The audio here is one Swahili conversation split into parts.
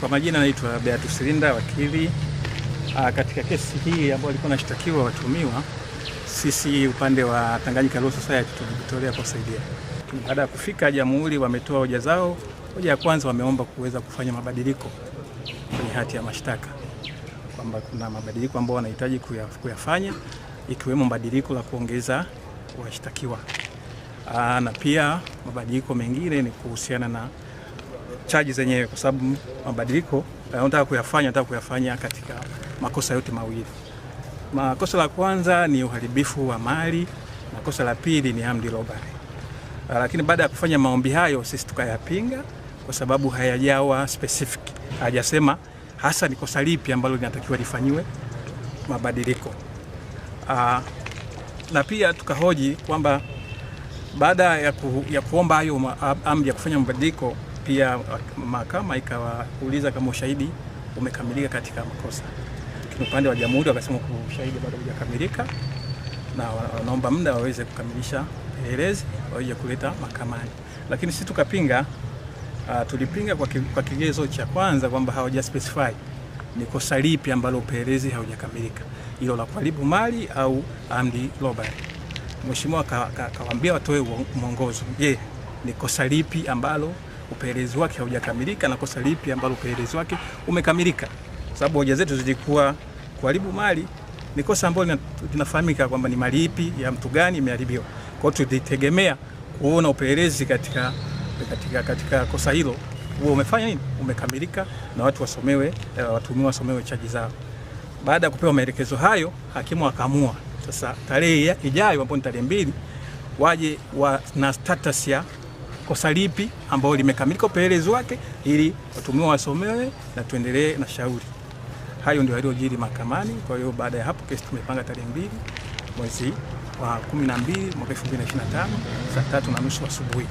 Kwa majina naitwa Beatus Silinda, wakili. Ah, katika kesi hii ambayo alikuwa anashtakiwa watumiwa, sisi upande wa Tanganyika Law Society tulijitolea kusaidia. Baada ya kufika Jamhuri, wametoa hoja zao. Hoja ya kwanza, wameomba kuweza kufanya mabadiliko kwenye hati ya mashtaka, kwamba kuna mabadiliko ambayo wanahitaji kuyafanya, ikiwemo badiliko la kuongeza washtakiwa ah, na pia mabadiliko mengine ni kuhusiana na chaji zenyewe, kwa sababu mabadiliko eh, nataka kuyafanya, nataka kuyafanya katika makosa yote mawili. Makosa la kwanza ni uharibifu wa mali na kosa la pili ni armed robbery. Ah, lakini baada ya kufanya maombi hayo, sisi tukayapinga kwa sababu hayajawa specific, hajasema hasa ni kosa lipi ambalo linatakiwa lifanyiwe mabadiliko. Aa, ah, na pia tukahoji kwamba baada ya, ku, ya kuomba hayo amri ya kufanya mabadiliko pia mahakama ikawauliza kama ushahidi umekamilika katika makosa, lakini upande wa jamhuri wakasema ushahidi bado hujakamilika na wanaomba muda waweze kukamilisha upelelezi waweze kuleta mahakamani. Lakini sisi tukapinga, uh, tulipinga kwa, ki, kwa kigezo cha kwanza kwamba hawaja specify ni kosa lipi ambalo upelelezi haujakamilika, hilo la kuharibu mali au amdi robbery. Mheshimiwa akawaambia watoe mwongozo. Je, ni kosa lipi ambalo upelelezi wake haujakamilika na kosa lipi ambalo upelelezi wake umekamilika, sababu hoja zetu zilikuwa kuharibu mali ni kosa ambalo linafahamika kwamba ni mali ipi ya mtu gani imeharibiwa. Kwa hiyo tulitegemea kuona upelelezi katika, katika, katika kosa hilo huo umefanya nini, umekamilika na watu wasomewe, eh, watuhumiwa wasomewe chaji zao. Baada ya kupewa maelekezo hayo, hakimu akaamua sasa tarehe ijayo ambayo ni tarehe mbili waje wa, na status ya kosa lipi ambalo limekamilika upelelezi wake, ili watumiwa wasomewe na tuendelee na shauri. Hayo ndio yaliyojiri mahakamani. Kwa hiyo baada ya hapo kesi tumepanga tarehe mbili mwezi wa 12 mwaka 2025 saa tatu na nusu asubuhi.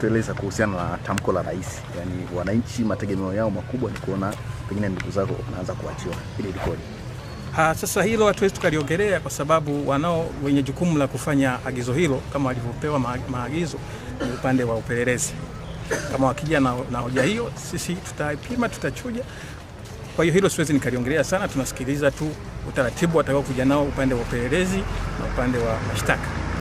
Tueleza kuhusiana na tamko la rais, yani wananchi mategemeo yao makubwa ni kuona pengine ndugu zako wanaanza kuachiwa, ili likoje? Ha, sasa hilo hatuwezi tukaliongelea kwa sababu wanao wenye jukumu la kufanya agizo hilo kama walivyopewa maagizo upande wa upelelezi. Kama wakija na, na hoja hiyo, sisi tutapima tutachuja. Kwa hiyo hilo siwezi nikaliongelea sana, tunasikiliza tu utaratibu watakao kuja nao upande wa upelelezi na upande wa mashtaka.